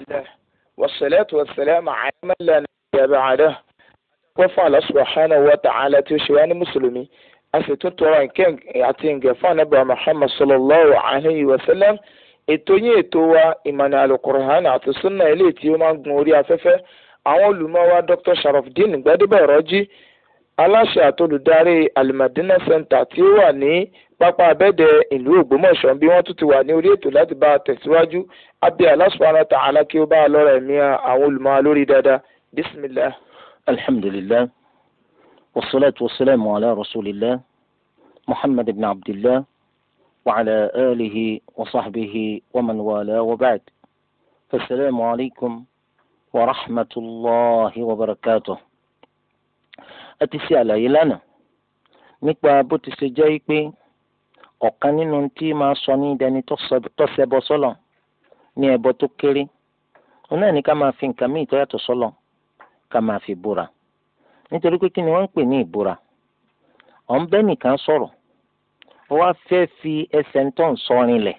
الله والصلاة والسلام على من لا نبي بعده kọfà Allah subhanahu wa ta'ala tí ó ṣe wá ní mùsùlùmí a sì tún tọrọ ìkẹ́ àti ìgẹ̀ fún anábà Muhammad sallallahu alayhi wa sallam ètò yín ètò wa ìmọ̀nà alukur'an àti sunna ilé tí ó máa ń gun orí afẹ́fẹ́ àwọn olùmọ̀ wa Dr. Sharafdin Gbadebo Rọ́jí aláṣẹ àtolùdarí alimadina center tí ó wà ní pápá abẹ́dẹ ìlú ògbómọ̀ṣọ́ bí wọ́n tún ti wà ní orí ètò láti bá a tẹ̀síwájú abẹ́ aláṣùwárà tààlà kí ó bá a lọ́rọ̀ ẹ̀mí àwọn olùmọ̀ lórí dáadáa bisimilah. alhamdulillah wasalaatu wasalaamu ala rasulillah muhammad ibn abdillah wa ala alihi wa sahbihi wa man wala wa ba'd fasalaamu alaykum wa rahmatulahi wa barakatuh. a ti ṣe àlàyé lánàá nípa bó ti ṣe jẹ́ pé ọ̀kan nínú tí máa sọ ní ìdẹni tó ṣẹbọ sọ́lọ̀ ní ẹbọ tó kéré òun náà ní ká fi nǹkan míì tó yàtọ̀ sọ́lọ̀ ká máa fi búra nítorí pé kí ni wọ́n ń pè ní ìbúra ọ̀n bẹ́ẹ̀ fi ẹsẹ̀ ń sọrin lẹ̀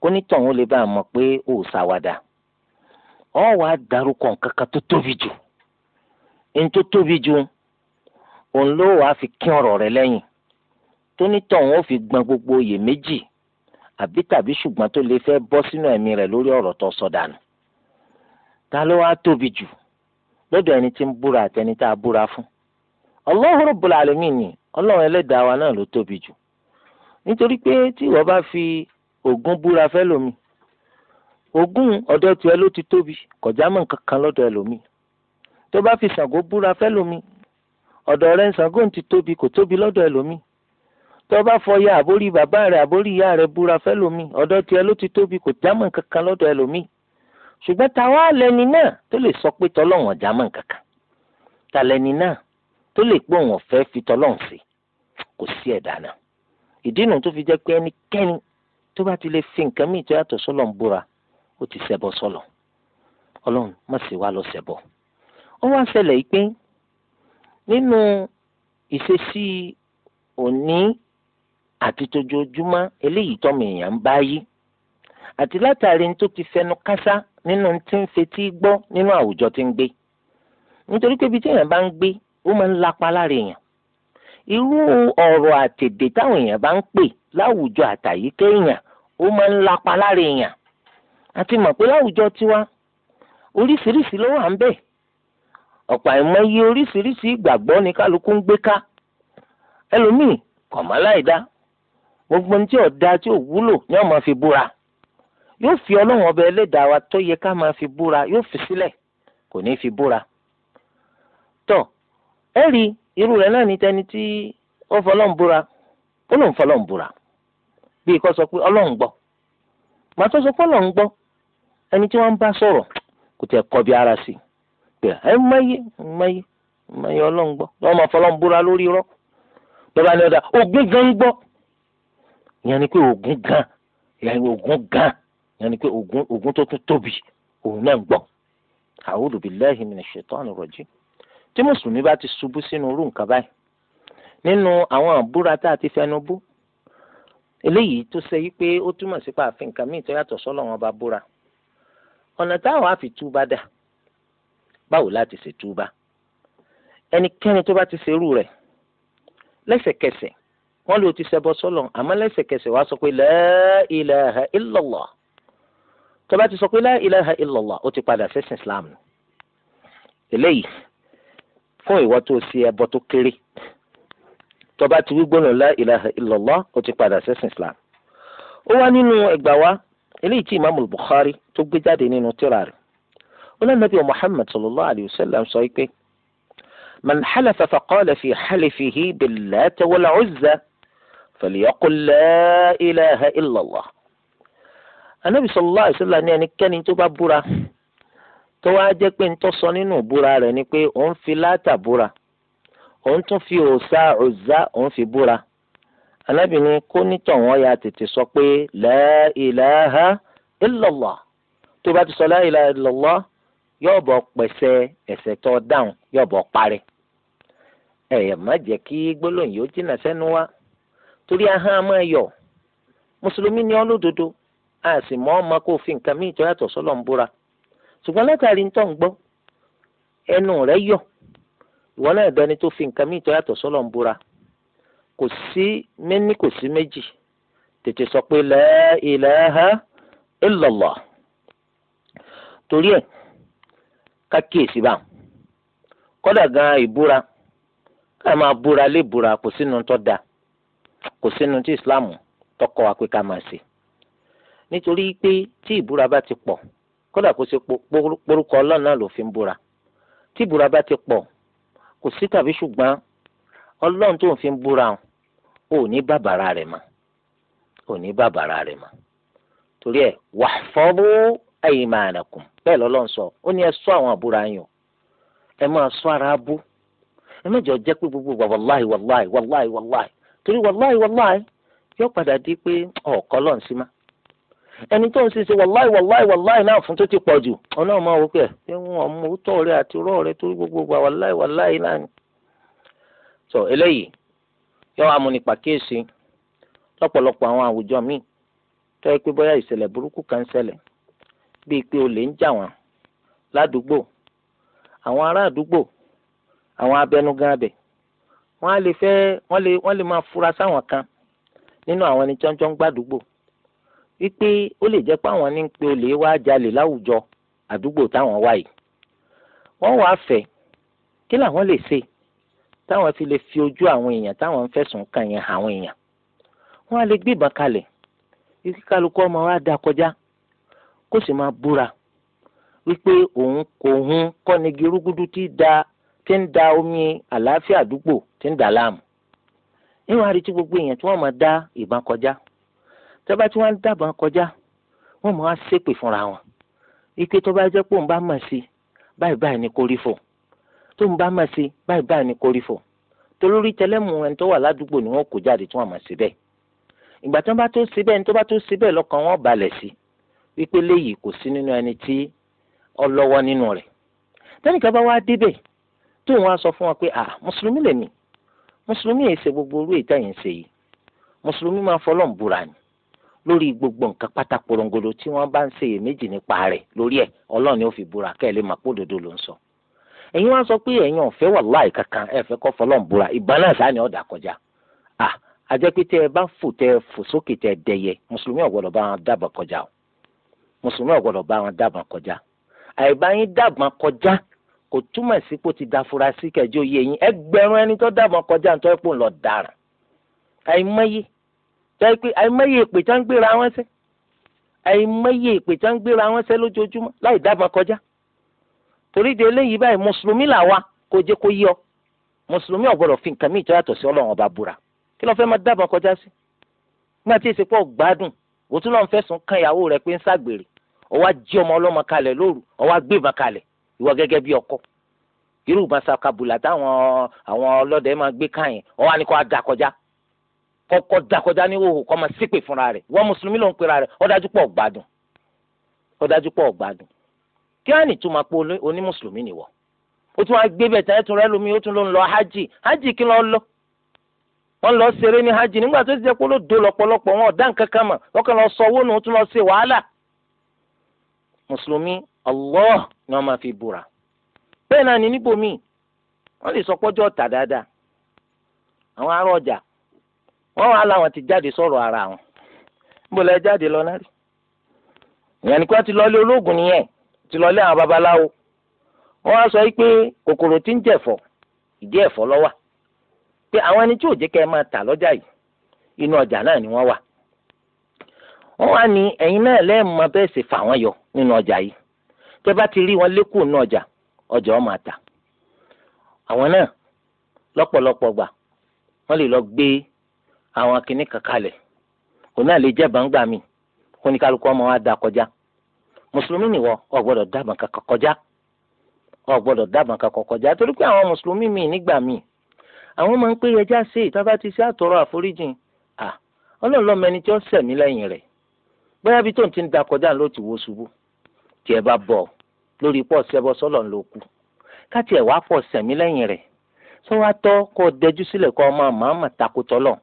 kó lè bá a mọ̀ pé ó ọ̀ wá nǹkan kan tó tóbi jù ẹni tó tóbi jù òun ló wàá fi kín ọ̀rọ̀ rẹ lẹ́yìn tónítọ̀hún ó fi gbọn gbogbo oyè méjì àbí tàbí ṣùgbọ́n tó lè fẹ́ bọ́ sínú ẹ̀mí rẹ̀ lórí ọ̀rọ̀ tó sọ dànù ta ló wàá tóbi jù lọ́dọ̀ ẹni tí ń búra àtẹni tá a búra fún Allahu Rabbul Alamin ni ọlọ́run ẹlẹ́dàá wa náà ló tóbi jù nítorí pé tí ìwọ bá fi ògún búra fẹ́ lómi ògún ọ̀dọ̀ tiẹ̀ ló ti tóbi kọjá mọ́ nǹkan kan lọ́dọ̀ ẹlòmíì tó bá fi Ṣàngó búra fẹ́ lómi ọ̀dọ̀ rẹ̀ ń Ṣàngó ti tóbi kò tóbi lọ́dọ̀ ẹlòmíì tó bá fọyà àbórí bàbá rẹ̀ àbórí ìyá rẹ̀ búra fẹ́lòmíì ọ̀dọ̀ tiẹ̀ ló ti tóbi kò jámọ́ kankan lọ́dọ̀ ẹlòmíì ṣùgbọ́n ta wá lẹni náà tó lè sọ pé tọlọ́wọ̀n jámọ́ kankan ta lẹni náà tó lè pé òun ọ̀fẹ́ fi tọlọ́wọ̀n sí kò sí ẹ̀dá náà ìdí nu tó fi jẹ́ pé ẹnikẹ́ni tó bá ti lè fi nǹkan míì tó sọ́lọ̀ ń búra ó ti ṣẹbọ sọ́lọ̀ ọlọ́run má sì wá lọ ṣẹbọ ó wá ṣẹlẹ̀ yìí pé nínú ìṣesí òní àti tójoojúmọ́ eléyìí tọ́mọ èèyàn ń bá yí àti látàrí ní tó ti fẹnu kásá nínú tí ń fetí gbọ́ nínú àwùjọ tí ń gbé nítorí pé ibi tí èèyàn bá ń gbé ó máa ń lapa lára èèyàn irú ọ̀rọ̀ àtèdè táwọn èèyàn bá ń pè láwùjọ àtàyíkẹ́ ó máa ń lapa lára èèyàn àti mọ̀ pé láwùjọ tiwa oríṣiríṣi ló wà ń bẹ́ẹ̀ ọ̀pọ̀ àìmọye oríṣiríṣi ìgbàgbọ́ ni kálukú ń gbé ká ẹlòmíì kọ̀mọ́ laida gbogbo ní tí ò da tí ò wúlò ni máa fi búra yóò fi ọlọ́run ọba ẹlẹ́dàá wa tó yẹ ká máa fi búra yóò fi sílẹ̀ kò ní fi búra tọ́ ẹ rí irú rẹ̀ náà ní tẹni tí ó fọlọ́n búra ó fọlọ́n búra bíi sọ pé ọlọ́run gbọ́ màá tó sọ pé ẹni tí wọ́n ń bá sọ̀rọ̀ kò tẹ̀ kọ́ pé ẹ mẹ́yẹ mẹ́yẹ mẹ́yẹ ọlọ́run gbọ́ lọ́wọ́ máa fọlọ́run búra lórí irọ́ bàbá ni ọ̀dà ògún gan ń gbọ́ ìyẹn ni pé ògún gan ìyẹn ògún gan ìyẹn ni pé ògún ògún tó tún tóbi òun náà ń gbọ́ a'udhu billahi minash shaitani rajim tí mùsùlùmí bá ti ṣubú sínú irú nǹkan báyìí nínú àwọn àbúra tá a ti fẹnu bú eléyìí tó ṣe yí pé ó túmọ̀ sí pàfin nǹkan míì sọ́lọ́ wọn bá búra ọ̀nà táwọn àfi tú bá dáa báwo láti ṣe túbà ẹnikẹ́ni tó bá ti ṣerú rẹ̀ lẹ́sẹ̀kẹsẹ̀ wọ́n lò ti ṣẹbọ sọ́lọ̀ àmọ́ lẹ́sẹ̀kẹsẹ̀ wàá sọ pé la ilaha illallah tó bá ti sọ pé la ilaha illallah ó ti padà sẹ́sìn islam nù eléyìí fún ìwọ tó ṣe ẹbọ tó kéré tó bá ti wí gbóná la ilaha ó ti padà sẹ́sìn islam ó wá nínú ẹgbàá wa eléyìí tí imaamu bukhari tó gbé jáde nínú tírà rẹ̀ olóńgbàtí محمد صلى الله عليه وسلم sallam من حلف فقال في حلفه fi halifihi فليقل لا إله إلا الله النبي صلى الله عليه وسلم يعني كان ní ẹnikẹ́ni tó bá búra tó wáá jẹ́ pé ntọ́ sọ nínú búra rẹ̀ ni pé òun fi láàtà búra òun tún fi òòṣà òòṣà òun fi búra alábìnrin kó nítọ̀wọ́n ya tètè sọ pé la ilaha tó bá ti sọ la ilaha yóò bọ pẹsẹ ẹ̀ṣẹ̀ tó dáhùn yóò bọ parí ẹyẹ má jẹ́ kí gbólóhùn yóò jìnnà sẹ́nu wa torí ahọ́n a máa yọ mùsùlùmí ni ọlódodo a sì mọ ọmọ kó fi nǹkan míì tó yàtọ̀ sọ́lọ̀ ń búra ṣùgbọ́n látàrí ń tọ́ ń gbọ́ ẹnu rẹ̀ yọ ìwọ náà dání tó fi nǹkan míì tó yàtọ̀ sọ́lọ̀ ń búra kò sí méní kò sí méjì tètè sọ pé la ilaha illallah torí ẹ̀ kákíyèsí bá kódà gan ìbúra ká máa búra lé búra kò sínú tó da kò sínú tí islam tọkọ wa pé ká máa ṣe nítorí pé tí ìbúra bá ti pọ̀ kódà kó ṣe porúkọ ọlọ́run náà ló fi ń búra tí ìbúra bá ti pọ̀ kò sí tàbí ṣùgbọ́n ọlọ́run tó ń fi ń búra ò ní bàbàrà rẹ̀ mọ́ ò ní bàbàrà rẹ̀ mọ́ torí ẹ̀ wahfazu. aymanakum bẹ́ẹ̀ lọ́lọ́run sọ ó ní ẹ ṣọ́ àwọn àbúrò ayọ̀ ẹ máa ṣọ́ ara bú ẹ mẹ́jọ jẹ́ pé gbogbo wa wàláì wàláì wàláì wàláì torí wàláì wàláì yóò padà di pé ọ̀ọ́kọ́ lọ́n sí ma ẹni tó ń ṣiṣẹ́ wàláì wàláì wàláì náà fún tó ti pọ̀ jù náà ọmọ wò pé ẹ ń wọn mú rẹ àti rẹ gbogbo wa wàláì wàláì náà ni. sọ eléyìí yóò bíi pé olè ń jà wọ́n ládùúgbò àwọn ará àdúgbò àwọn abẹnugan abẹ wọ́n á lè fẹ́ wọ́n lè wọ́n lè máa fura sáwọn kan nínú àwọn ẹni jọ́njọ́ ń gbàdúgbò wípé ó lè jẹ́ pé àwọn ní pé olè wá jalè láwùjọ àdúgbò táwọn wà yìí wọ́n wàá fẹ́ kí làwọn lè ṣe táwọn fi lè fi ojú àwọn èèyàn táwọn ń fẹ̀sùn kàn yẹn àwọn èèyàn wọ́n á lè gbé ìbọn kalẹ̀ ikú kálukú ọmọ wa dá kọjá kó sì máa búra wípé òun òun kọ́nigi rúgúdú tí da tí ń da omi àlàáfíà àdúgbò tí ń dà láàmú níwọ̀n àrí tí gbogbo èèyàn tí wọ́n máa dá ìbọn kọjá tọ́ba tí wọ́n ń dábàá kọjá wọ́n máa ṣépè fúnra wọn ike tọ́ba jẹ́ pé òun bá mọ̀ sí báyìí báyìí ni kórí fò tó ń bá mọ̀ sí báyìí báyìí ni kórí fò tolórí tẹlẹ́mù ẹni tó wà ládùúgbò ni wọ́n kó jáde tí wọ́n máa ṣe bẹ́ẹ̀ ìgbà tí wọ́n bá tó ṣe bẹ́ẹ̀ ni tó bá tó ṣe bẹ́ẹ̀ lọ́kàn wọn balẹ̀ sí i wípé léyìí kò sí nínú ẹni tí ọlọ́wọ́ nínú rẹ̀ tẹ́nìkan bá wá débẹ̀ tó wọn á sọ fún wọn pé à mùsùlùmí lèmi mùsùlùmí yìí ṣe gbogbo orú ìtẹ̀yìn ṣe yìí mùsùlùmí máa fọlọ́n búra ni lórí gbogbo nǹkan pátá porongolo tí wọ́n bá ń ṣe èméjì nípa rẹ̀ lórí ẹ̀ ọlọ́ọ̀ni ò fi búra kẹ́ ẹ lè máa pódodo ló ń sọ ẹ̀yin wá sọ pé ẹ̀yin ọ̀fẹ́ wà láì kankan ẹ̀ fẹ́ kọ́ fọlọ́n búra ìbọn náà sáà ni ọ̀dà kọjá à àjẹpẹ́ bá fò tẹ́ fò sókè tẹ́ ẹ mùsùlùmí ò bá dábàá kọjá o mùsùlùmí ò gbọ́dọ̀ bá wọn dábàá kọjá àìbá yín dábàá kọjá kò túmọ̀ sí pé ó ti da furasí kẹjọ yé yín ẹgbẹ̀rún ẹni tó dábàá kọjá nítorí pé ń lọ dáràn àìmọye tẹ́ pé àìmọye ìpè tá ń gbéra wọn sẹ́ àìmọye ìpè tá ń gbéra wọn sẹ́ lójoojúmọ́ láì dábàá kọjá torí de eléyìí báyìí mùsùlùmí làwa kò jẹ́ kó yí ọ mùsùlùmí ò fi nǹkan míì tó yàtọ̀ sí ọlọ́run ọba búra kí ló fẹ́ máa dábàá kọjá sí nígbà tí èsì pọ̀ wò tún lọ́n fẹ̀sùn kan ìyàwó rẹ̀ pé ń ṣàgbèrè ó wá jí ọmọ ọlọ́mọ kalẹ̀ lóru ó wá gbé ìbọn kalẹ̀ ìwọ gẹ́gẹ́ bí ọkọ irú ìbọn sakabula táwọn àwọn ọlọ́dẹ máa gbé káyìn ó wá ní kó da kọjá kọ́kọ́ da kọjá ní hòhò kọ́ máa ṣépè fúnra rẹ̀ wọ́n mùsùlùmí ló ń pera rẹ̀ ó dájú pọ̀ gbádùn ó pọ̀ gbádùn kí á nìtumọ̀ pé oní mùsùlùmí nìwọ ó tún wá gbé bẹ̀ tẹ́ tún rẹ́ lómi ó tún ló ń lọ hájì hájì kí ló ń wọ́n lọ ṣeré ní hajj nígbà tó ti jẹ́ pé ló do lọ́pọ̀lọpọ̀ wọn ọ̀dá nǹkan kan mọ̀ wọ́n kàn lọ sọ owó nù ó tún lọ wàhálà. mùsùlùmí Allah ni ọ máa fi bùrà. bẹ́ẹ̀ náà ní níbo wọ́n lè sọ pọ́jọ́ tà dáadáa àwọn ará ọjà wọ́n láwọn ti jáde sọ̀rọ̀ ara wọn níbo jáde lọ náà rí wọ́n wá sọ ti ń pé àwọn ẹni tí ò jẹ́ kẹ́ ẹ máa tà lọ́jà yìí inú ọjà náà ni wọ́n wà wọ́n wá ní ẹ̀yin náà lẹ́ẹ̀mọ bẹ́ẹ̀ sì fà wọ́n yọ nínú ọjà yìí tẹ́ bá ti rí wọn lékùn nínú ọjà ọjà ọ̀ máa tà àwọn náà lọ́pọ̀lọpọ̀ gbà wọ́n lè lọ gbé àwọn akínní kankalẹ̀ òun náà lè jẹ́ bàǹgbà mi kó ní kálukú ọmọ wa da kọjá mùsùlùmí nìwọ ọ gbọ́dọ̀ dábàá àwọn máa ń pé ẹjá sí ìtàbá ti ṣe àtọrọ àforíjìn à ọlọ́run lọ́mọ ẹni tí ó sẹ̀mí lẹ́yìn rẹ̀ bóyá bí tóun ti ń da kọjá ló ti wó ṣubú tí ẹ bá bọ̀ lórí pọ̀ sẹ́bọ sọ́lọ̀ ló kù káti ẹ̀ wá pọ̀ sẹ̀mí lẹ́yìn rẹ̀ sọ wá tọ́ kó o dẹjú sílẹ̀ kó o máa máa mà takotọ́ lọ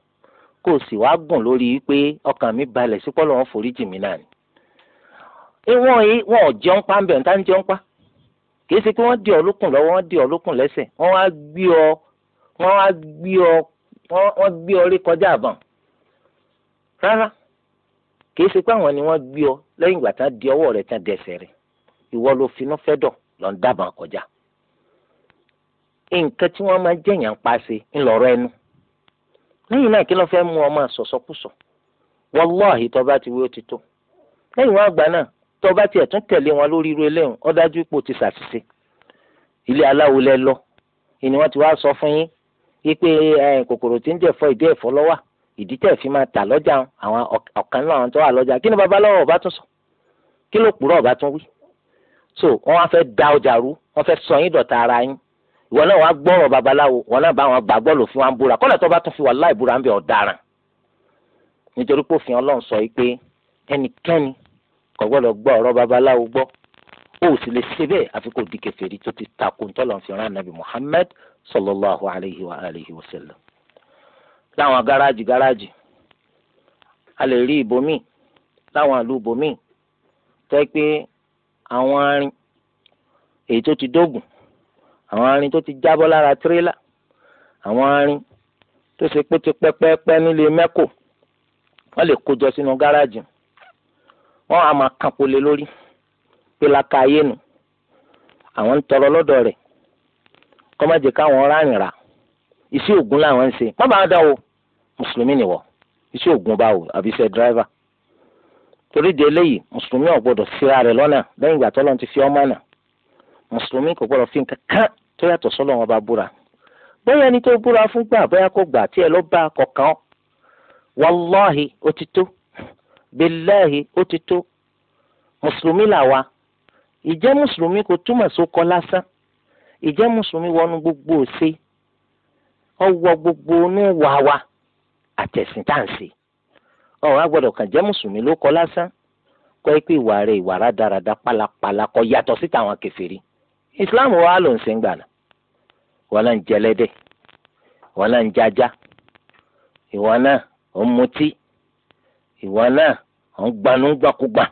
kó o sì wá gùn lórí pé ọkàn mi balẹ̀ sí pọ́lọ́ wọn foríjì mi náà ni. ìwọ̀n yìí wọn ò jẹun pa ń bẹ̀ ń tá ń jẹun pa kì í ṣe pé wọ́n di ọ lókùn lọ́wọ́ wọ́n di ọ lókùn lẹ́sẹ̀ wọ́n wá gbé ọ wọ́n á gbé ọ wọ́n gbé ọ rí kọjá àbọ̀n rárá kìí ṣe pé àwọn ni wọ́n gbé ọ lẹ́yìn ìgbà tán di ọwọ́ rẹ̀ tán dẹsẹ̀ rẹ̀ ìwọ ló finú fẹ́ dọ̀ lọ ń dábàá kọjá nǹkan tí wọ́n máa jẹ̀yàn ń paṣe ńlọrọ ẹnu lẹ́yìn náà kí ló fẹ́ mú ọ máa sọ̀sọ́kùsọ̀ wọ́láhì tó bá ti wí ó ti tó lẹ́yìn wọn àgbà náà tó bá tiẹ̀ tún tẹ̀lé wọn lórí irú eléyìí ó ipò ti ṣàṣìṣe ilé aláwo lẹ lọ ìní wọn ti wá sọ fún yín ipe kòkòrò tí ń jẹ̀fọ́ ìdí ẹ̀fọ́ lọ́wọ́ ìdí tẹ̀ fi máa tà lọ́jà àwọn ọ̀kan náà àwọn tó wà lọ́jà kí ni babaláwo ọba tún sọ kí ló purọ́ ọba tún wí so wọ́n wá fẹ́ da ọjà rú wọ́n fẹ́ sọ yín dọ̀tá ara yín ìwọ náà wàá gbọ́rọ̀ babaláwo wọn náà bá wọn gbà gbọ́ lòfin wa ń búra kọ́lẹ̀ tó bá tún fi wà láì búra ń bẹ ọ̀daràn nítorí pé òfin ọlọ́run sọ yìí pé ẹnikẹ́ni kò gbọ́dọ̀ gbọ́ ọ̀rọ̀ babaláwo gbọ́ ó sì lè ṣe bẹ́ẹ̀ àfi kó Muhammad sallallahu alayhi wa alihi wa sallam láwọn gáràjì gáràjì a lè rí ibòmíì láwọn àlú ibòmíì tẹ́ pé àwọn arin èyí tó ti dógùn àwọn arin tó ti jábọ́ lára tirẹ́là àwọn arin tó ṣe pé ti pẹ́pẹ́pẹ́ nílé mẹ́kò wọ́n lè kójọ sínú gáràjì wọ́n á máa kàpolé lórí pé laka nu àwọn ń tọrọ lọ́dọ̀ rẹ̀ kọ́mọ́jẹ káwọn ráyìn rà iṣẹ́ ògùn làwọn ń ṣe má bàa dá o mùsùlùmí nìwọ iṣẹ́ ògùn báwo àbí iṣẹ́ dírẹ́fà torí di eléyìí mùsùlùmí ò gbọdọ̀ síra rẹ̀ lọ́nà lẹ́yìn ìgbà tọ́lọ́run ti fi ọmọ náà mùsùlùmí kò gbọdọ̀ fi nǹkan kan tó yàtọ̀ sọ́lọ́ wọn bá búra bóyá ẹni tó búra fún gbà bóyá kó gbà tí ẹ lọ bá kọ̀ọ̀kan wàláhì ó ti tó bíláhì ó ti tó mùsùlùmí làwa ìjẹ́ mùsùlùmí kò túmọ̀ sókọ lásán ìjẹ́ mùsùlùmí wọnú gbogbo òṣè ọwọ́ gbogbo inú wà wá àtẹ̀sìn tá à ń ṣe ọ̀rọ̀ agbọ́dọ̀ kàn jẹ́ mùsùlùmí ló kọ́ lásán kọ́ ẹ pé ìwà rẹ̀ ìwà rádaràda pálapàla kọ́ yàtọ̀ síta àwọn kèfèrí islam wa ló ń sìn gbàna wọn náà ń jẹlẹ́dẹ̀ wọn náà ń jajá ìwọ náà ò ń mutí ìwọ náà ò ń gbanú gbàkúgbà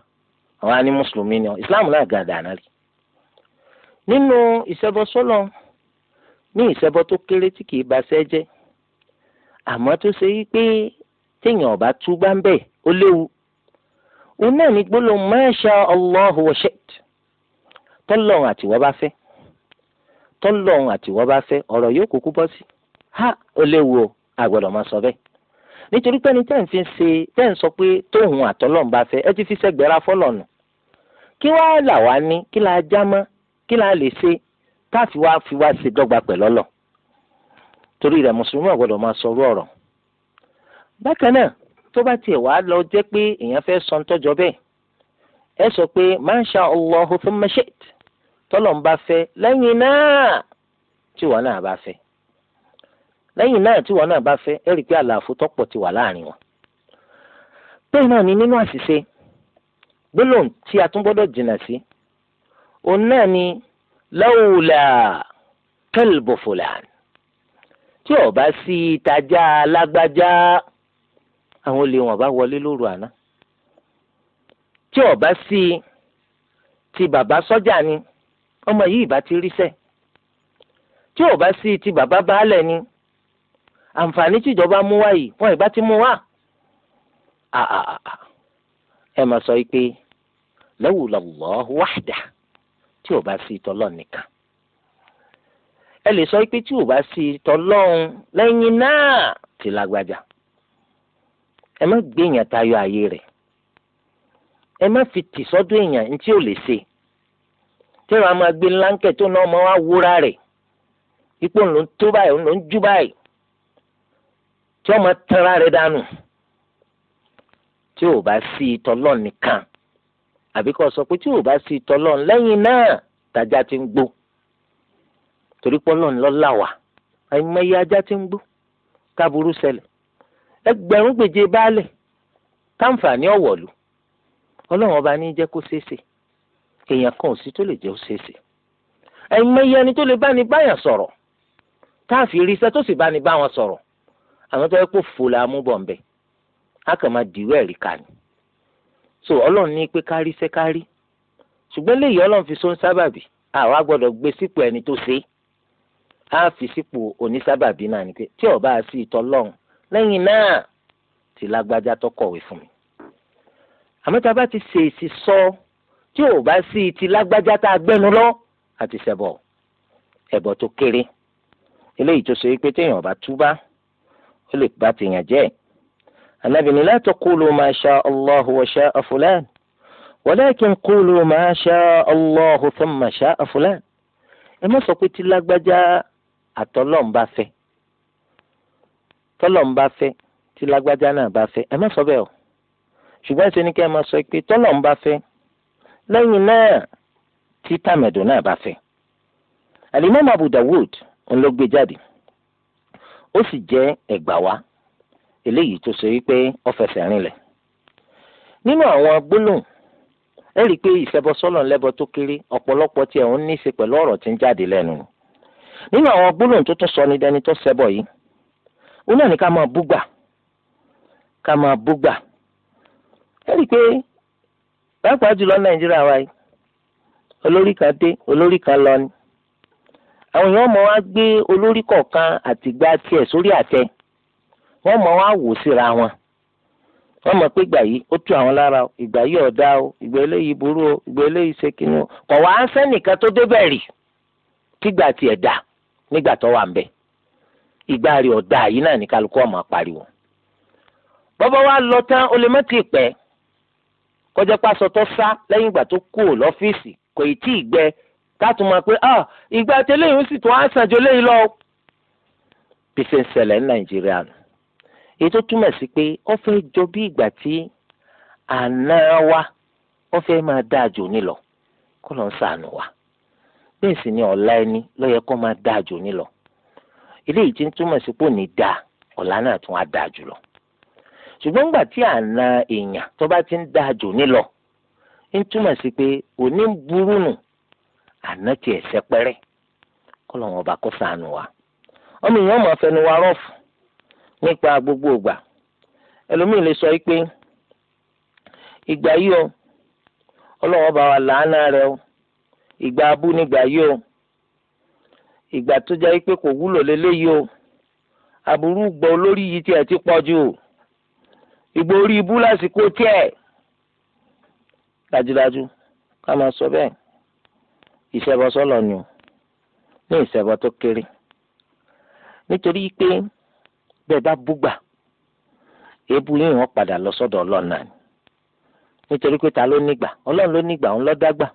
àwọn á mùsùlùmí ni islam náà gàdánà rí nínú ìṣẹbọ sọ́lọ̀ ní ìṣẹbọ tó kéré tí kìí ba sẹ́jẹ́ àmọ́ tó ṣe wípé téèyàn ọ̀bá tú bá ń bẹ̀ ó léwu òun náà ní gbólóhùn masha Allahu wa shi'ta tọ́lọ́run àtiwọ́ bá fẹ́ tọ́lọ́run àtiwọ́ bá fẹ́ ọ̀rọ̀ yóò kúkú bọ́ sí ha ó léwu o àgbọ̀dọ̀ máa sọ bẹ́ẹ̀ nítorí pé ní tẹ́ǹ fi ń ṣe tẹ́ǹ sọ pé tóun àtọ́lọ́run bá fẹ́ ẹ ti fi sẹ́gbẹ̀rẹ́ afọ́lọ́nù kí wàá là wá ní kí la já mọ́ kí la lè ṣe táàfin wa fi wá ṣe dọ́gba pẹ̀lú ọlọ torí rẹ̀ mùsùlùmí ọ̀gbọ́dọ̀ máa sọ orú ọ̀rọ̀ bákan náà tó bá tiẹ̀ wá lọ jẹ́ pé èèyàn fẹ́ sọ ntọ́jọ́ bẹ́ẹ̀ ẹ sọ pé masha Allahu thumma shi't tọ́lọ̀ ń bá fẹ́ lẹ́yìn náà tí wọ́n náà bá fẹ́ lẹ́yìn náà tí wọ́n náà bá fẹ́ ẹ rí i pé àlàfo tọ́pọ̀ ti wà láàrin wọn. bẹ́ẹ̀ náà ni nínú àṣìṣe gbólóhùn tí a tún gbọ́dọ̀ jìnnà sí òun náà ni lọ́wọ́lá kẹ́lbù fúlàn tí ò bá sí ìtajà alágbájá àwọn olè wọn bá wọlé lóru àná tí ò bá sí ti bàbá sọ́jà ni ọmọ yìí ìbá ti ríṣẹ́ tí ò bá sí ti bàbá baálẹ̀ ni àǹfààní tìjọba mú wá yìí wọn ìbá ti mú wá ah, ah, ah, ẹ máa sọ pé lọ́wọ́lá Allah wahda tí ò bá sí tọlọ nìkan ẹ lè sọ pé tí ò bá sí tọlọ́hun lẹ́yìn náà ti lágbájá ẹ má gbé èèyàn tayọ ààyè rẹ̀ ẹ má fi tì sọ́dọ̀ èèyàn ní tí ò lè ṣe tí wàá máa gbé láńkẹ̀ tó náà mọ́ wá wúra rẹ̀ ipò ló ń tó báyìí ló ń jú báyìí tí wọ́n máa tanra rẹ̀ dànù tí ò bá sí tọlọ́ nìkan àbí kò sọ pé tí ò bá sí tọ́lọ́n lẹ́yìn náà tàjà ti ń gbó torí pọ́lọ́n lọ́la wà àìmọye ajá ti ń gbó káburú ṣẹlẹ̀ ẹgbẹ̀rún gbèje baálẹ̀ káǹfààní ọ̀wọ̀lù ọlọ́run ọba ní jẹ́ kó ṣeéṣe èèyàn kan ò sí tó lè jẹ́ ó ṣeéṣe àìmọye ẹni tó lè bá ní báyàn sọ̀rọ̀ káàfin irinṣẹ́ tó sì bá ní bá wọn sọ̀rọ̀ àwọn tó yẹ kó fò làá á kàn máa dìwọ́ ẹ̀rí ni so ọlọ́run ní pé kárí ṣe kárí ṣùgbọ́n léyìí ọlọ́run fi sóun sábàbí àwa gbọ́dọ̀ gbé sípò ẹni tó ṣe á fi sípò onísábàbí náà ni pé tí ọba àti ìtọ́lọ́run lẹ́yìn náà ti lágbájá tó kọ̀wé fún mi àmọ́ tá a bá ti ṣe èsì sọ tí ò bá sí ti lágbájá tá a gbẹ́nu lọ àti ṣẹbọ ẹbọ tó kéré eléyìí tó ṣe wípé téèyàn bá túbá ó lè bá tèèyàn jẹ́ ẹ̀ النبي لا تقولوا ما شاء الله وشاء فلان ولكن قولوا ما شاء الله ثم شاء فلان إما má sọ pé tí بافي àtọlọ́n bá fẹ́ tọ́lọ́n bá fẹ́ tí lágbájá náà bá fẹ́ ẹ má sọ bẹ́ẹ̀ o ṣùgbọ́n ṣe ni kí ẹ máa sọ pé tọ́lọ́n bá fẹ́ lẹ́yìn náà tí tàmẹ̀dò náà bá fẹ́ Al-Imam ń lọ gbé jáde ó sì jẹ́ ẹgbàá wa eléyìí tó ṣe wípé ó fẹsẹ̀ rinlẹ̀ nínú àwọn gbólóhùn ẹ rí i pé ìṣẹbọ sọ́lọ̀ lẹ́bọ tó kéré ọ̀pọ̀lọpọ̀ tí ẹ̀hún ní í ṣe pẹ̀lú ọ̀rọ̀ tí ń jáde lẹ́nu nínú àwọn gbólóhùn tó tún sọ ní dẹni tó ṣẹbọ yìí ó náà ní ká máa búgbà ká máa búgbà ẹ rí i pé pàápàá jùlọ nàìjíríà wa yìí olórí kan dé olórí kan lọ ni àwọn èèyàn mọ wá gbé olórí kọ̀ọ̀kan àtìgbà tiẹ̀ sórí àtẹ wọ́n mọ̀ wá wò síra wọn wọ́n mọ̀ pé ìgbà yìí ó tú àwọn lára o ìgbà yìí ọ̀dá o ìgbà eléyìí burú o ìgbà eléyìí ṣe kínní o kọ̀ wá ń sẹ́nìkan tó dé bẹ̀rì kígbà tiẹ̀ dà nígbà tó wà ń bẹ̀ ìgbà rí ọ̀dá yìí náà ní kálukú ọmọ pariwo. bọ́bá wa lọ tán o lè má ti pẹ́ kọjá pásọ tó sá lẹ́yìn ìgbà tó kú lọ́fíìsì kò ì tí ì gbẹ káàtó máa pé ah, ìgbà tẹ́lẹ̀ yìí ó sì tún á sàn jọ lẹ́yìn lọ. èyí tó túmọ̀ sí pé ó fẹ́ jọ bí ìgbà tí àná wa ó fẹ́ máa dáa jù ní kó lọ́n sànù wa bẹ́ẹ̀ sì ni ọ̀la ẹni ló kó máa dáa jù ní eléyìí tí ń túmọ̀ sí pò ní dáa ọ̀la náà tún á dáa jù lọ ṣùgbọ́n gbà tí àná èèyàn tó bá ti ń dáa jù ní ń túmọ̀ sí pé òní ń burú nù àná tiẹ̀ nípa gbogbo ìgbà ẹlòmíì lè sọ pé ìgbà yìí o ọlọ́wọ́ bá wa làánà rẹ o ìgbà abú nígbà yìí o ìgbà tó jẹ́ pé kò wúlò léléyìí o àbúrú gbọ́ olórí yìí tiẹ̀ ti pọ̀ jù ìgbò orí ibú lásìkò tiẹ̀ dájúdájú ká máa sọ bẹ́ẹ̀ ìṣẹ́bọ sọ́lọ̀ ni o ní ìṣẹ́bọ tó kéré nítorí pé. bẹ́ẹ̀ bá búgbà èébú yín wọ́n padà lọ sọ́dọ̀ ọlọ́run náà ni nítorí pé ta ló nígbà ọlọ́run ló nígbà òun ló dágbà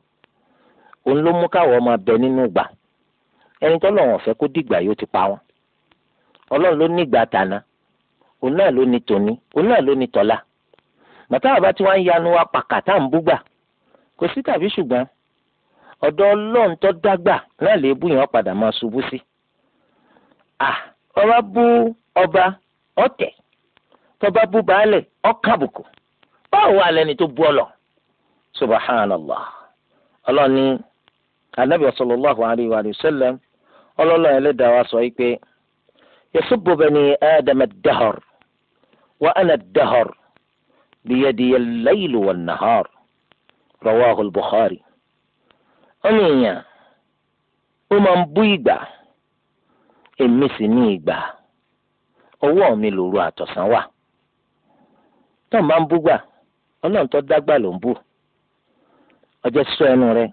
òun ló mú káwọn ọmọ abẹ nínú gbà ẹni tọ́lọ́run ọ̀fẹ́ kó dìgbà yóò ti pa wọn ọlọ́run ló nígbà tàná òun náà ló ní tòní òun náà ló ní tọ́lá bàtà bàbá tí ń yanu ọba ọ̀tẹ̀ tọba bú baálẹ̀ ọkàbùkù báwo wà lẹni tó bú ọ lọ subahánàlá ọlọ́ni anabi sallallahu alayhi wa sallam ọlọ́lọ́ yẹn lè dá wa sọ yìí pé yasubbu bani adama ad-dahr wa ẹnẹ dẹhọr dahr biyadiya al-layl wan-nahar rawahu al-bukhari ọmọ èèyàn ó máa ń bú ìgbà èmi sì ní ìgbà. ọwọ́ mi lòru àtọ̀sán wà tó ń bá ń búgbà ọlọ́run tó dágbà ló ń bù ọjọ́ sọ ẹnu rẹ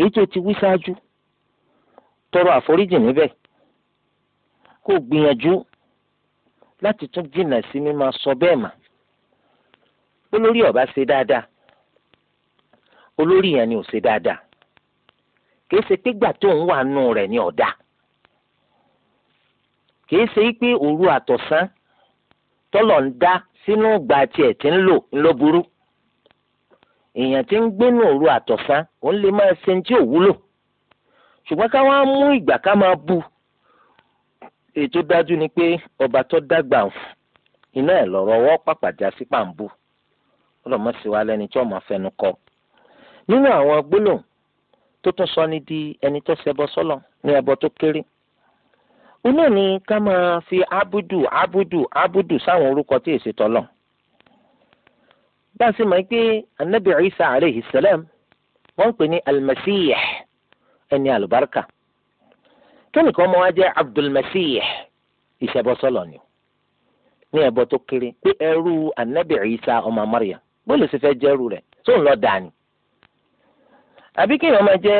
èyí tó ti wí ṣáájú tọrọ àforíjì níbẹ̀ kó gbìyànjú láti tún jìnnà sí mímọ sọ bẹ́ẹ̀ mà olórí ọba ṣe dáadáa olórí yẹn ni ò ṣe dáadáa kìí ṣe pé gbà tó ń wà nù rẹ̀ ni ọ̀dà kìí ṣe pé òru àtọ̀sán tọ́lọ̀ ń dá sínú ìgbà tiẹ̀ tí ń lò ńlọ burú èèyàn tí ń gbénu òru àtọ̀sán òun lè máa ṣe ní tí ò wúlò ṣùgbọ́n ká wá mú ìgbà ká máa bu ètò dájú ni pé ọba tó dágbà iná ẹ̀ lọ́rọ̀ ọwọ́ pàpàjá sí pàǹbù ọlọ́mọ lẹ́ni tí ọmọ fẹnu kọ nínú àwọn gbólóhùn tó tún sọ ní di ẹni tó ṣẹbọ sọ́lọ̀ ní ẹbọ tó kéré iná ni ká máa fi abudu abudu abudu sáwọn orúkọ tí èsì tọ́lọ̀ dáhùn sí máa pé anabi isa aleyhi salam wọ́n ń pè ní almasih ẹni alubarika kẹ́nìkan ọmọ wa jẹ́ abdulmasih ìṣẹ́bọ́sọ́lọ̀ ni ní ẹ̀bọ tó kéré pé ẹrú anabi isa ọmọ mariam bóòlù sì fẹ́ jẹ́rú rẹ̀ tó ń lọ dání àbí kéèyàn máa jẹ́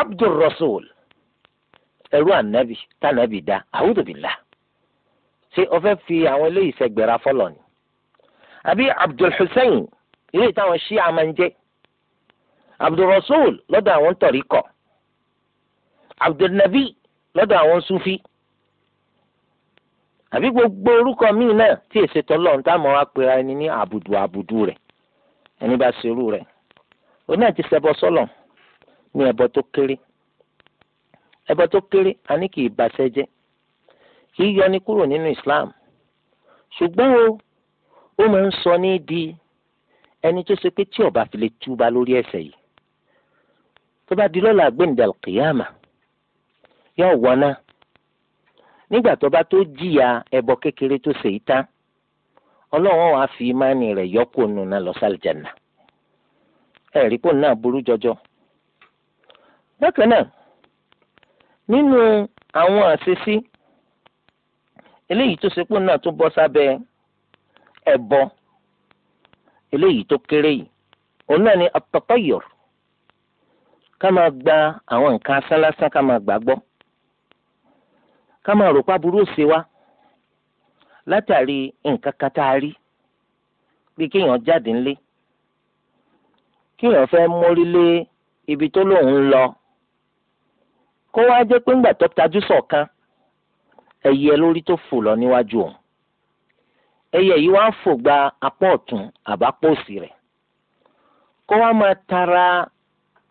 abdulrasul ẹrú ànábì tànábì dá a'udhu billah ṣé o fẹ́ fi àwọn eléyìí sẹgbẹ̀rẹ̀ afọlọ̀ ni àbí Abdul Hussein ilé ìtàwọn ṣíà máa ń jẹ́ Abdul Rasul lọ́dọ̀ àwọn tọ̀rí kọ̀ Abdul Nabi lọ́dọ̀ àwọn sufi àbí gbogbo orúkọ míì náà tí èsè tọ́lọ̀ ń táwọn apẹ̀rẹ̀ ẹni ní àbùdù àbùdù rẹ̀ ẹni bá ṣerú rẹ̀ ó náà ti sọ́lọ̀ ní ẹbọ tó kéré ẹbọ tó kéré a ní kì í bàṣẹ jẹ́ kì í yọni kúrò nínú Islam ṣùgbọ́n o ó máa ń sọ ní di ẹni tó ṣe pé tí ó bá fi lè túba lórí ẹ̀ṣẹ̀ yìí tó bá di lọ́la gbẹ̀ndàl kìyàmà yóò wọná nígbà tó bá tó jìyà ẹbọ kékeré tó ṣe yìí tán ọlọ́run wàá fi ìmánì rẹ̀ yọ́pọ̀ nù náà ẹ̀rí pò náà burú jọjọ. bákan náà nínú àwọn àṣesí eléyìí tó sepò náà tó bọ́ sábẹ́ ẹ̀bọ eléyìí tó kéré yìí òun náà ni at-tatayyur ká máa gba àwọn nǹkan asán lásán ká máa gbàgbọ́ ká máa rò pa burú òsè wa látàrí nǹkan kan rí bí kéèyàn jáde ńlé kéèyàn fẹ́ mórí lé ibi tó lóun ń lọ kó wá jẹ́ pé ńgbà tó tajú sọ̀kan ẹyẹ lórí tó fò lọ níwájú òun ẹyẹ yìí wá ń fò gba apá ọ̀tún àbápọ̀ òsì rẹ̀ kó wá máa tara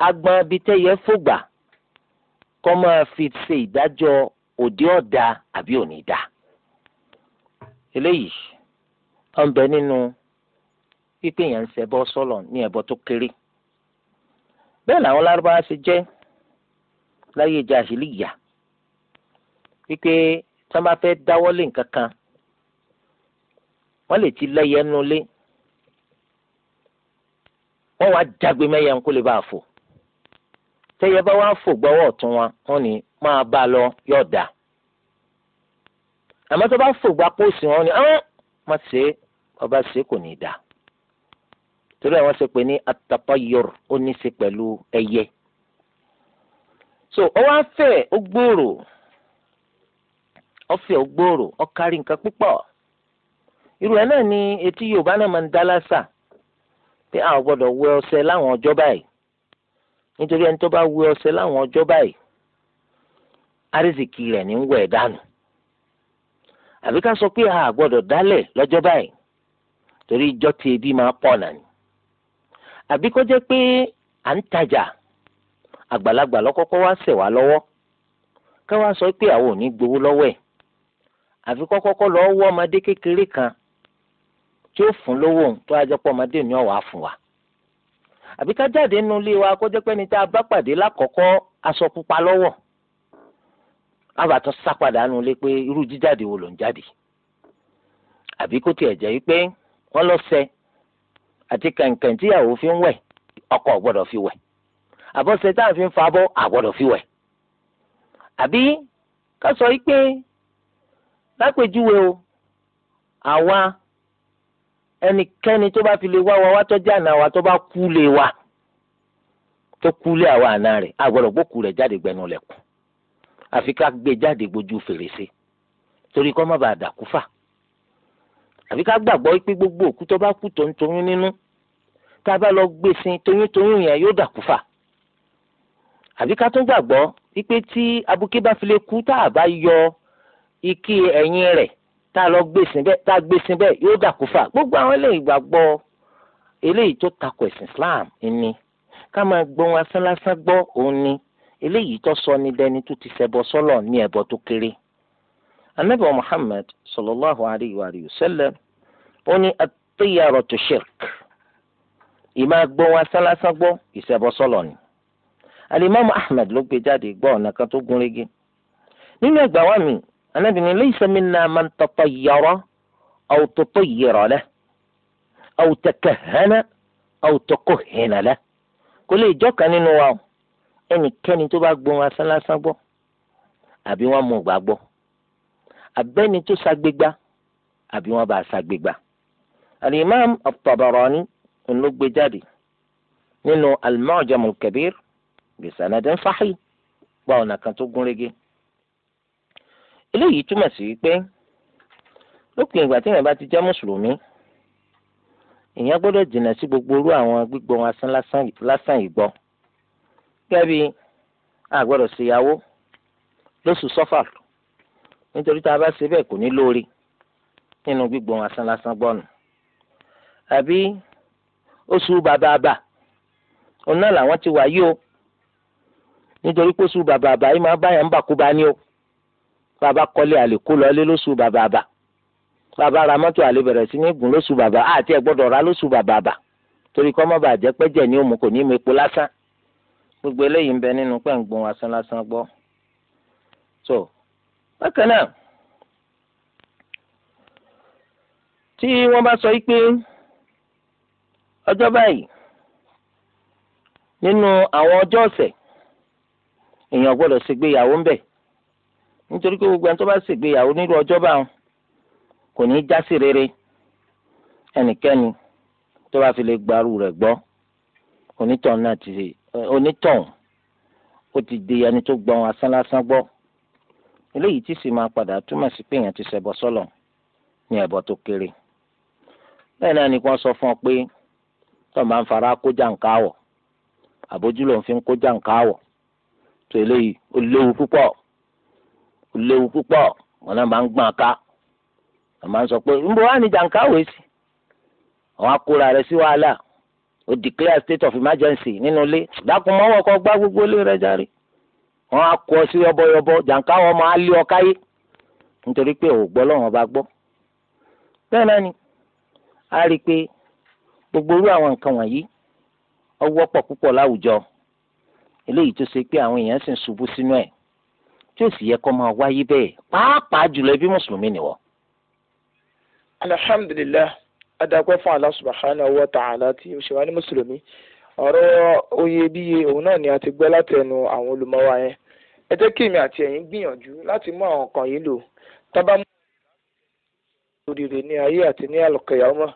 agbọn bíi tẹ́yẹ fògbà kó máa fi ṣe ìdájọ́ òde ọ̀dà àbí òní dà eléyìí ó nínú pípé yẹn ń ṣẹbọ sọlọ ní ẹbọ tó kéré bẹ́ẹ̀ làwọn lárúbáwá ṣe jẹ́ láyé jàhílíyà wípé tí wọ́n bá fẹ́ dáwọ́ lé nǹkan kan wọ́n lè ti lẹ́yẹ nulẹ̀ wọ́n wá jágbe mẹ́yẹ ń kó lè bá a fò tẹ́yẹ bá wá fò gbọ́wọ́ ọ̀tún wọn wọ́n ní máa bá a lọ yọ̀ dà àmọ́ tó bá fò gbà pósì wọn ni ọ́n má ṣe ọba ṣe kò ní í dà torí àwọn ṣe pé ní atapayọr ó ní í ṣe pẹ̀lú ẹyẹ. E so ó wá fẹ̀ ó gbòòrò ó fẹ̀ ó gbòòrò ó kárí nǹkan irú náà ni etí Yorùbá náà máa ń dá lásà pé àwọn gbọ́dọ̀ wẹ ọṣẹ láwọn ọjọ́ báyìí nítorí ẹni tó bá wẹ ọṣẹ láwọn ọjọ́ báyìí ní ń dànù àbí a báyìí torí ìjọ ti ebi máa pọ nàní àbí kó àgbàlagbà lọ́kọ́kọ́ wá ṣẹ̀ wá lọ́wọ́ ká wá sọ pé àwọn ò ní gbowó lọ́wọ́ ẹ̀ àfi kọ́kọ́kọ́ lọ́ọ́ wọ́ ọmọdé kékeré kan tí ó fún lówó òun tó ajọ ọmọdé ni ọ̀wá fún wa àbí ká jáde nínú ilé wa kó jẹ́ pé ní tá a bá pàdé lákọ̀ọ́kọ́ aṣọ pupa lọ́wọ́ àbàtún sá padà nínú ilé pé irú jíjáde wo ló ń jáde àbí kó tiẹ̀ jẹ́ pé wọ́n lọ àti kàǹkàǹ tíyàwó fi ń wẹ̀ ọkọ gbọ́dọ̀ fi wẹ̀ àbọ̀sẹ̀ tá à ń fi fa bọ́ àgbọ̀dọ̀ fi wẹ̀ àbí ká sọ yìí pé lápèjúwe o àwa ẹnikẹ́ni tó bá fi lè wá wa wá tọ́jú àná wa tó bá kú lé wa tó kú lé àwa àná rẹ̀ àgbọ̀dọ̀ gbókù rẹ̀ jáde gbẹnu lẹ̀kùn àfi ká gbé jáde gbójú fèrèsé torí kó má bàa dàkú fà àfi ká gbàgbọ́ pé gbogbo òkú tó bá kú tóńtóyún nínú tá bá lọ gbé e sin tóyúntóyún yẹn yóò dàkú fà àbí ká tún gbàgbọ́ wípé tí abuké bá fi lè kú tá a bá yọ ike ẹ̀yìn rẹ̀ tá a lọ gbé síbẹ̀ tá a gbé síbẹ̀ yóò dàkú fà gbogbo àwọn eléyìí gbàgbọ́ eléyìí tó takò ẹ̀sìn Islam ni ká máa gbọ́ wọn asán lásán gbọ́ òun ni eléyìí tó sọ ní dẹni tó ti ṣẹbọ sọ́lọ̀ ní ẹbọ tó kéré anabi Muhammad sallallahu alayhi wa sallam ó ní at shirk ìmáa gbọ́ wọn asán lásán gbọ́ ìṣẹbọ sọ́lọ̀ ni alimami ahmed ló gbé jáde gbọ́ ọ̀nà kan tó gún régé nínú ẹgbàá wa mi anabi ni laysa minna man tatayyara aw tutayyira lahu aw takahhana aw tukuhhina lahu kò lè jọ́ka nínú wa o ẹnikẹ́ni tó bá gbóhùn asán lásán gbọ́ àbí wọ́n mú gbà gbọ́ abẹ́ni tó ṣàgbégbá àbí wọ́n bá ṣàgbégbá alimami at-Tabarani ló gbé jáde nínú al-Mu'jam al bisanadin sahih gba ọ̀nà kan tó gún régé eléyìí túmọ̀ sí pé lópin ìgbà tí èèyàn bá ti jẹ́ mùsùlùmí èèyàn gbọ́dọ̀ jìnnà sí gbogbo irú àwọn gbígbọ́ asán lásán ìgbọ́ gẹ́gẹ́ bí a gbọ́dọ̀ ṣèyàwó lóṣù sọ́fà nítorí tá a bá ṣe bẹ́ẹ̀ kò ní lóore nínú gbígbọ́ wọn asán lásán gbọ́nù àbí oṣù bàbàbà òun náà làwọn ti wà o nítorí pé oṣù bàbà àbá yìí máa báyà ń bàkúbá ní o bàbá kọ́lé àlékó lọ́lé lóṣù bàbà àbà bàbá ra mọ́tò àlè bẹ̀rẹ̀ sí ní gùn lóṣù bàbà àti ẹ̀ gbọ́dọ̀ ra lóṣù bàbà àbà torí kọ́ mọ́ba àjẹpẹ́ jẹ̀ ní òmù kò ní mepo lásán gbogbo eléyìí ń bẹ nínú pẹ̀ǹgbọ̀n asán lásán gbọ́. so bákan náà tí wọ́n bá sọ pé ọjọ́ báyìí nínú àwọn ọjọ́ ọ̀sẹ̀ èèyàn gbọ́dọ̀ ṣègbéyàwó ń bẹ̀ nítorí pé gbogbo ẹni tó bá ṣègbéyàwó nírú ọjọ́ bá wọn kò ní í já sí rere ẹnikẹ́ni tó bá fi lè gbarú rẹ̀ gbọ́ onítọ̀hún náà ti onítọ̀hún ó ti di ẹni tó gbọ́n asán lásán gbọ́ eléyìí tí sì máa padà túmọ̀ sí pé èèyàn ti ṣẹbọ sọ́lọ̀ ní ẹ̀bọ tó kéré bẹ́ẹ̀ náà ni wọ́n sọ fún ọ pé tó máa ń fara kó jàǹká wọ̀ àbójúlò ń fi ń kó jàǹká wọ̀ tó eléyìí ó léwu púpọ̀ ó léwu púpọ̀ wọn náà máa ń gbọ́n ká wọn máa ń sọ pé nbọ wà ní jàǹkáwé sí àwọn akóra rẹ sí wàhálà ó declare state of emergency nínú ilé dákun mọ́wọ́ kọ́ gbá gbogbo ilé rẹ járe wọn á kọ sí yọbọyọbọ jàǹkáwọ ọmọ á lé ọ káyé nítorí pé ò gbọ́ lọ́wọ́n bá gbọ́ bẹ́ẹ̀ náà ni a rí i pé gbogbo irú àwọn nǹkan wọ̀nyí ó wọ́pọ̀ púpọ̀ láwùjọ eléyìí tó ṣe pé àwọn èèyàn sì ń ṣubú sínú ẹ̀ tí ó sì yẹ kó máa wáyé bẹ́ẹ̀ pàápàá jùlọ ẹbí mùsùlùmí nìwọ. alhamdulilayi adakwe fún Allah subhanahu wa tí ó ṣe wá ní mùsùlùmí ọ̀rọ̀ oyebíye òun náà ni a ti gbọ́ látẹnu àwọn olùmọ̀wá yẹn ẹ jẹ́ kí èmi àti ẹ̀yin gbìyànjú láti mú àwọn kan yìí lò tábà oríire ní ayé àti ní àlùkẹ́yàmọ́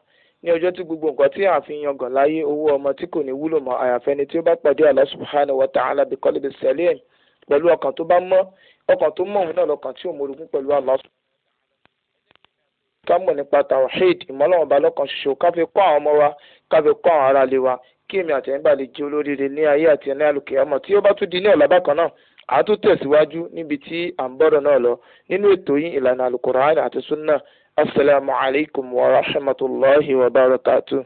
ní ọjọ́ tí gbogbo nǹkan tí a fi yangàn láyé owó ọmọ tí kò ní wúlò mọ́ àyàfẹ́ni tí ó bá pàdé Allah subhanahu wa ta'ala bi qalbi salim pẹ̀lú ọkàn tó bá mọ́ ọkàn tó mọ̀ òun náà lọ́kàn tí ò pẹ̀lú Allah. ká nípa tawhid ìmọ̀lọ́wọ́n ba lọ́kàn ṣoṣo ká fi kọ́ àwọn ọmọ wa ká fi kọ́ àwọn ará ilé wa kí èmi àtẹ̀yìn bá lè jẹ́ olóríire ní ayé àti ní àlùkìyámọ̀ tí ó bá tún di ní ọ̀la bákan náà àá tún tẹ̀síwájú níbi tí à ń bọ̀rọ̀ náà lọ nínú ètò yín ìlànà àlùkùránì àti súnà السلام عليكم ورحمة الله وبركاته